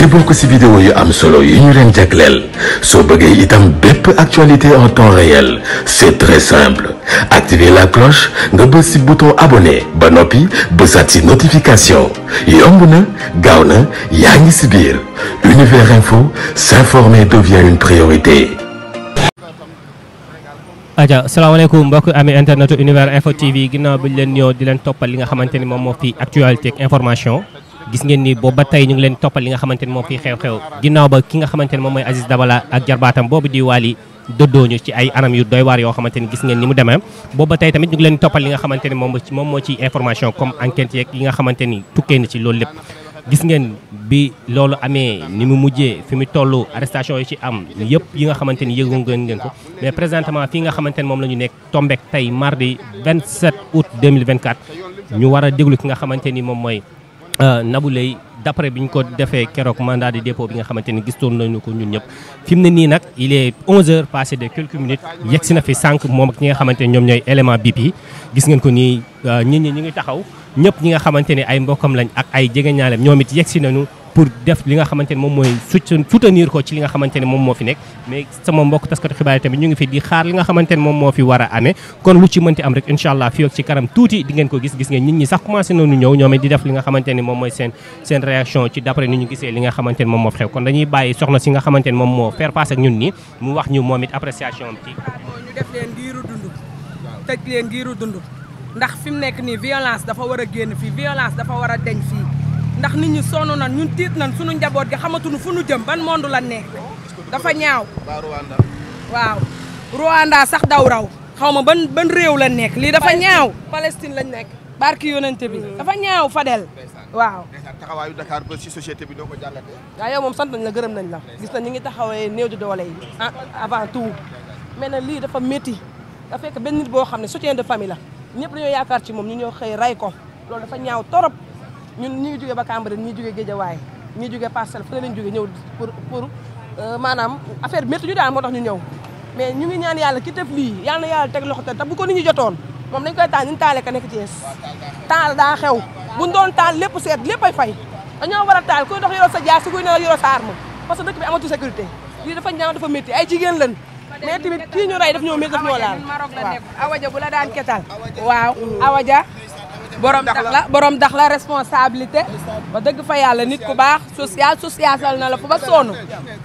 ci bokk si vidéo yu am solo yu ñu leen jagleel soo bëggee itam bépp actualité en temps réel c'est très simple activer la cloche nga bës si bouton abonné ba noppi bësaat si notification yomb na gaaw na yaa ngi si biir univers info s'informer devient une priorité. aja salaamaaleykum mbokk ami internetu univers info TV ginnaaw bi leen ñëw di leen toppal li nga xamante ni moom moo fi actualité ak gis ngeen ni boobu ba tey ñu ngi leen toppal li nga xamante ni moo fi xew-xew ginnaaw ba ki nga xamante moom mooy Aziz Dabala ak jarbaatam boobu di Wally ci ay anam yu doy waar yoo xamante ni gis ngeen ni mu demee boobu ba tey tamit ñu ngi leen toppal li nga xamante ni moom moom moo ci information ci loolu lépp gis ni mu mujjee fi mu toll arrestation yi ci am yëpp yi nga xamante ni yëgu ngeen ngeen mais présentement fii nga xamante ni moom la ñu nekk tombek tey mardi 27 août 2024 ñu war a déglu ki nga xamante ni moom mooy Euh, Nabou Leye d'après bi ñu ko defee keroog mandat de dépôt bi nga xamante ni gis gistoon nañu ko ñu ñëpp fi mu ne nii nag il est 11 heures passé de quelques minutes yegg na fi sànq moom ak ñi nga xamante ni ñoom ñooy élément bip yi gis ngeen ko nii nit euh, ñi ñu ngi taxaw ñëpp ñi nga xamante ni ay mbokkam lañ ak ay jegeñaaleem ñoom it yegg si nañu pour def li nga xamante ne moom mooy soutenir ko ci li xamante ne moom moo fi nekk mais sama mbokk taskatu xibaar yi tamit ñu ngi fi di xaar li nga xamante ne moom moo fi war a amee kon lu ci mënti am rek incha allah fii ak ci kanam tuuti di ko gis gis ngeen nit ñi sax commencé nañu ñëw ñoom di def li nga xamante ni moom moo fi xew kon dañuy bàyyi soxna si nga xamante ne moom moo faire face ak ñun nii mu wax ñu moom it appréciation am ci ñu def leen giiru dund tëj leen giiru ndax fi mu nekk nii violence a génn fii violence a deñ ndax nit ñi sonn nan ñun tiit nan suñu njaboot gi xamatuñu fu nu jëm ban monde la nekk dafa ñaaw waaw Rwanda sax daw raw xaw ma ban ban réew la nekk lii dafa ñaaw Palestine lañ nekk barki yonente bi mm-hmm. dafa ñaaw Fadel waaw taxawaayu Dakar ba ci société bi doo ko jàllate waaw moom sant nañ la gërëm nañ la gis na ñi ngi taxawee new di doole ah, avant tout mais nag lii dafa méti da fekk benn boo xam ne soutien de famille ñëpp dañoo yaakaar ci moom ñu ñëw xëy ray ko loolu dafa ñaaw torop ñun ñu ngi jógee ba Cambérène ñi jógee Guédiawaye ñi jógee Parcelles fële lañ jógee ñëw pour pour euh, maanaam affaire métti ñu daal moo tax ñu ñëw mais ñu ngi ñaan yàlla ki def lii yàlla na yàlla teg loxo te bu ko nit ñi jotoon moom dañ koy taal ñu taale ka nekk Thiès taal daa xew buñ doon taal lépp seet lépp ay fay dañoo war a taal kuy dox yoroo sa jaas si kuy ne yoroo sa arme parce que dëkk bi amatu sécurité lii dafa ñaaw ay jigéen lañ mais tamit kii ñu rey daf ñoo awaja bu la daan ketal waaw awaja borom dax la borom dax la responsabilité ba dëgg fa yàlla nit ku baax social socialal na la fa ba sonn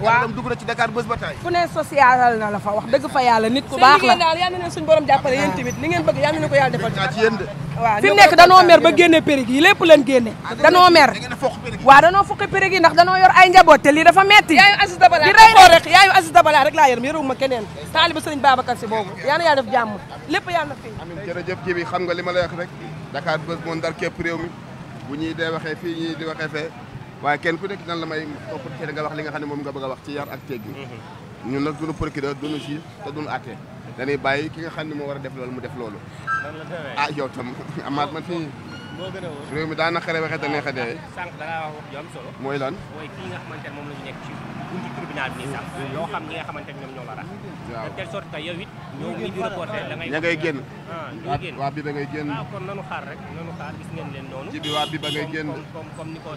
waaw dugg na ci Dakar bés ba tey fu ne socialal na la fa wax dëgg fa yàlla nit ku baax la na borom jàppale yéen ngeen bëgg yal na ko yàlla defal ci yéen danoo mer ba génne périg yi lépp leen génne ah, danoo mer waaw danoo fukki périg yi ndax danoo yor ay njaboot te lii dafa metti yaayu Aziz Dabala di rey rek yaayu Aziz Dabala rek laa yërëm yërëwuma keneen taaliba sëriñ Babacar si boobu yal na yàlla def jàmm lépp yàlla na fi amiin jërëjëf Jibi li ma lay wax rek Dakar bés moo ndar képp réew bu ñuy dee waxee fii ñuy di waxee fee waaye kenn ku nekk nan la may opportunité nga wax li nga xam ne moom nga bëgg a wax ci yar ak teggi mm-hmm. ñun nag duñu procureur duñu juge te duñu àtte dañuy bàyyi ki nga xam ne moo war a def loolu mu def loolu ah yow tam amaat man fii réew mi daa naqare waxee te neexe da ngaa wax wax ju am solo mooy lan mooy kii nga xamante la ñu buntu tribunal bi nii sax yoo xam ñi nga xamante ne ñoom ñoo la rax de telle sorte que yow it ñoo ngi di reporté da ngay ña waa bi ba ngay génn waaw kon nanu xaar leen ba ngay génn comme comme ni ba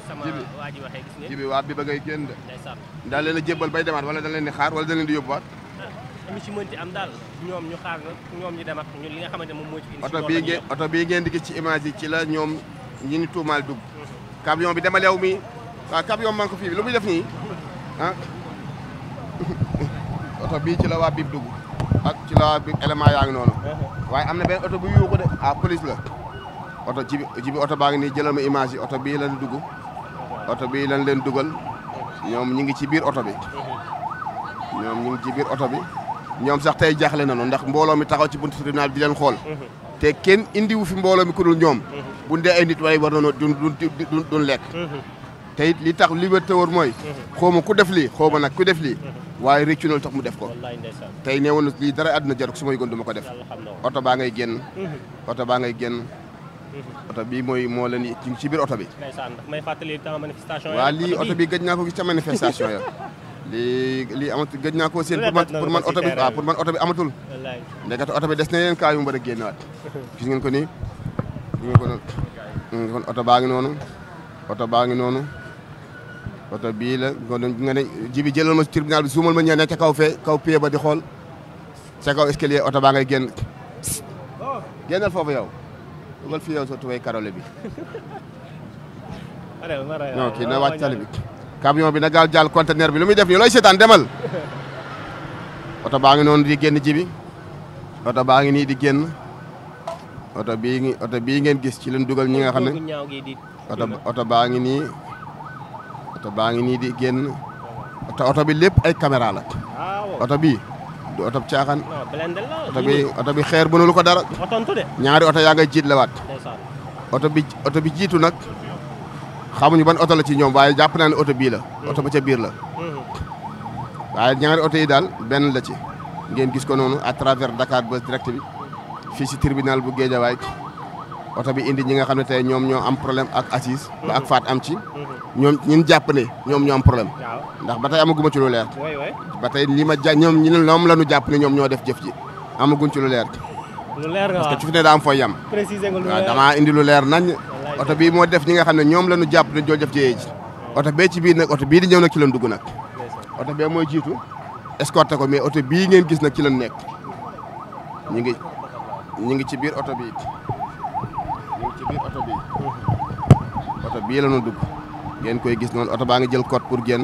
ngay a jébbal bay demaat wala da leen di xaar wala da leen di yóbbuwaat ah, ñu xaar na ñoom ñu dem ak ñun li nga xamante moom moo ci indi oto bii ngeen oto ci image yi ci la ñoom ñi ni tuumaal dugg mhm. camion bi dama leew mi waaw camion man ko fii bi lu muy def nii ah oto bii ci la waa bib dugg ak ci la waa bib élément yaa noonu uh-huh. waaye am na benn oto bu yuuxu de ah police la oto ci ci bi oto baa ngi nii jëlal ma image oto bii lañ dugg oto bii lañ leen dugal ñoom ñu ngi ci biir oto bi uh-huh. ñoom ñu ngi ci oto bi ñoom sax tey jaaxle nañu ndax mbooloo mi taxaw ci buntu tribunal di leen xool uh-huh. te kenn indiwu fi mbooloo mi ku ñoom bu dee ay nit waaye war nañu duñ duñ duñ te it li tax liberté wër mooy. Mhm. xaw ma ku def lii xaw ma nag ku def li mhm. waaye rëccu na lu tax mu def ko. tey nee woon na lii dara àdduna jarul su ma yëgoon du ma ko def. oto baa ngay génn. Mhm. oto baa ngay génn. oto bi mooy moo leen ci biir oto bi. may fàttali temps manifestation waaw bi gëj naa ko gis ca manifestation ya lii lii amatul gëj naa ko seen pour man pour man oto oto bi amatul. ndekete oto bi des na yeneen kaa yu mu war a génnaat. gis ngeen ko nii. ko noonu. oto baa ngi noonu. oto baa ngi noonu. oto bii la nga ne jëlal ma tribunal bi suumal ma ñëw ne ca kaw fee kaw pied ba di xool ca kaw escalier oto baa ngay foofu yow dugal fi yow bi non kii na bi camion bi na gaaw bi lu muy def nii looy seetaan baa ngi noonu di génn ji oto baa ngi nii di génn oto bii oto bii ngeen gis ci leen dugal ñi nga xam ne oto baa ngi nii oto baa ngi nii di génn te oto bi lépp ay caméra la oto bi du oto caaxaan oto bi oto bi xeer mënulu ko dara ñaari oto yaa ngay jiit la waat oto bi jiitu nag xamuñu ban oto la ci ñoom waaye jàpp naa ne oto bii la hmm. oto ba ca biir la hmm. waaye ñaari oto yi daal benn la ci ngeen gis ko noonu à traver Dakar Buzz Direct fii si tribunal bu Guédiawaye oto bi indi ñi nga xam ne tey ñoom ñoo am problème ak assise ba ak faat am ci ñoom ñun jàpp ne ñoom ñoo problème ndax ba tey amaguma ci lu leer ba tey li ma ja ñoom ñi ñoom la ñu jàpp ne ñoom ñoo def jëf ji amaguñ ci lu leer parce que ci fi ne daa am fooy yam waaw indi lu leer nañ oto bii moo def ñi nga xam ne ñoom la ñu jàpp ne ñoo def jëyee ji oto bee ci biir oto bii di ñëw nag ci lañ dugg nag oto bee mooy jiitu escorté ko mais oto bii ngeen gis na ci lañ nekk ñu ngi ñu ngi ci biir oto bii ñu ngi oto bi oto bii la ñu dugg ngeen koy gis noonu oto baa ngi jël code pour génn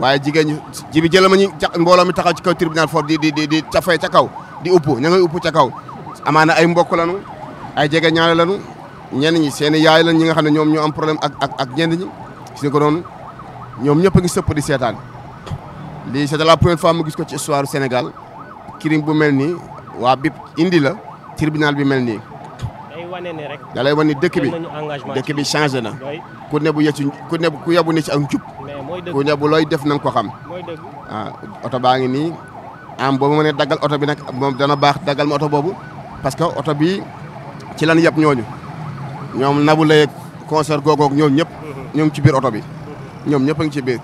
waaye jigéen ñi ji bi jëlama ñu ca mbooloo mi taxaw ci kaw tribunal foofu di di di di ca ca kaw di upp ña upp ca kaw amaana ay mbokk lanu ay jege ñaale lanu ñenn ñi seen yaay lan ñi nga xam ne ñoom ñoo am problème ak ak ak ñenn ñi gis noonu ñoom ñëpp a ngi sëpp di seetaan lii c'est la première mu gis ko ci histoire senegal crime bu mel ni waa bi indi la tribunal bi mel ni wane ne rek. ni dëkk bi dëkk bi changé na. ku ne bu yëcc ku ne ku yabu ne ci ak njub. ku looy def na nga ko xam. ah oto baa ngi nii am boo ma mënee daggal oto bi nag moom dana baax daggal ma oto boobu parce que oto bii ci lan yëpp ñooñu ñoom nabu lay concert googoog ñoom ñëpp. ñoo ngi ci biir oto bi. ñoom ñëpp ngi ci biir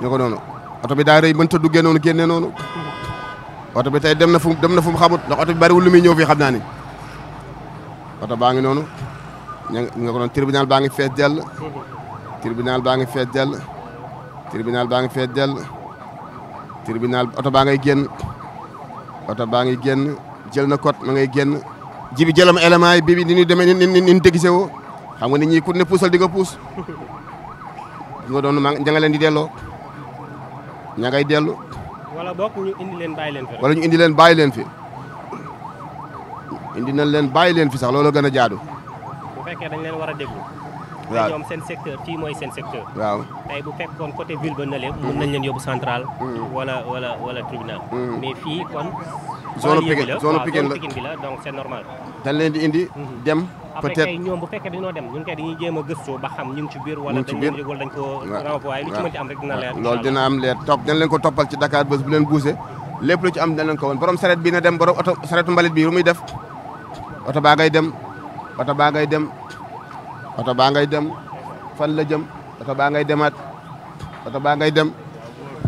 ñu ko noonu oto bi daa rëy mënut a duggee noonu génne noonu oto bi tey dem na fu dem na fu mu xamut ndax oto bi bariwul lu ñëw fii xam naa oto baa ngi noonu ña nga ko doon tribunal baa ngi fees dell tribunal baa ngi fees dell tribunal baa ngi fees dell tribunal oto baa ngay génn oto baa ngi génn jël na kot ma ngay génn jibi jëlam élément yi bi ni ñu demee ni ñu dégisé woo xam nga nit ñi ku ne puusal di nga puus nga doon leen di delloo ña dellu wala bokk ñu indi leen leen fi wala ñu indi leen bàyyi leen fi indi nañ leen bàyyi leen fi sax loolu gën a jaadu. bu fekkee dañ leen war a déglu. waaw ñoom seen secteur fii mooy seen secteur. waaw tey bu fekkoon côté ville ba nële. mën nañ leen yóbbu central. Mm-hmm. wala wala wala tribunal. Mm-hmm. mais fii kon. zone Pikine zone Pikine bi la donc c'est normal. dañ leen di indi. Mm-hmm. dem peut-être après ñoom bu fekkee dañoo dem ñun kay dañuy jéem a gëstoo ba xam ñu ngi ci biir. ñu dañ ko renvoyé lu ci mën am rek dina leer. leer topp dañ leen ko toppal ci Dakar bés bu leen buuse lépp lu ci am dañ leen ko woon borom na dem borom oto saretu mbalit bi lu muy def oto baa ngay dem oto baa ngay dem oto baa ngay dem fan la jëm oto baa ngay demaat oto baa ngay dem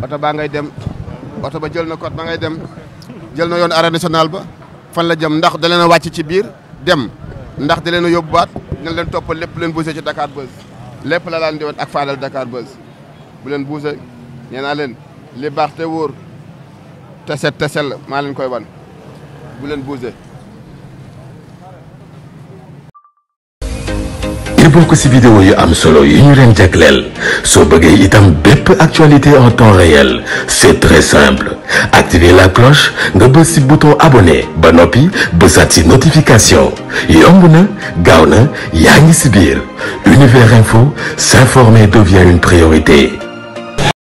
oto baa ngay dem oto ba jël na code ba ngay dem jël na yoon arrêt national ba fan la jëm ndax da leen a wàcc ci biir dem ndax da leen a yóbbuwaat na leen toppal lépp leen bousee ci Dakar Buzz lépp la laan di ak faadal Dakar Buzz bu leen bousee nee naa leen li baax te wóor teset set te maa leen koy wan bu leen bousee te ko si vidéo yu am solo yu ñu leen jagleel soo bëggee itam bépp actualité en temps réel c'est très simple activer la cloche nga bës ci bouton abonné ba noppi bësaat ci notification yomb na gaaw na yaa ngi ci biir univers info s'informer devient une priorité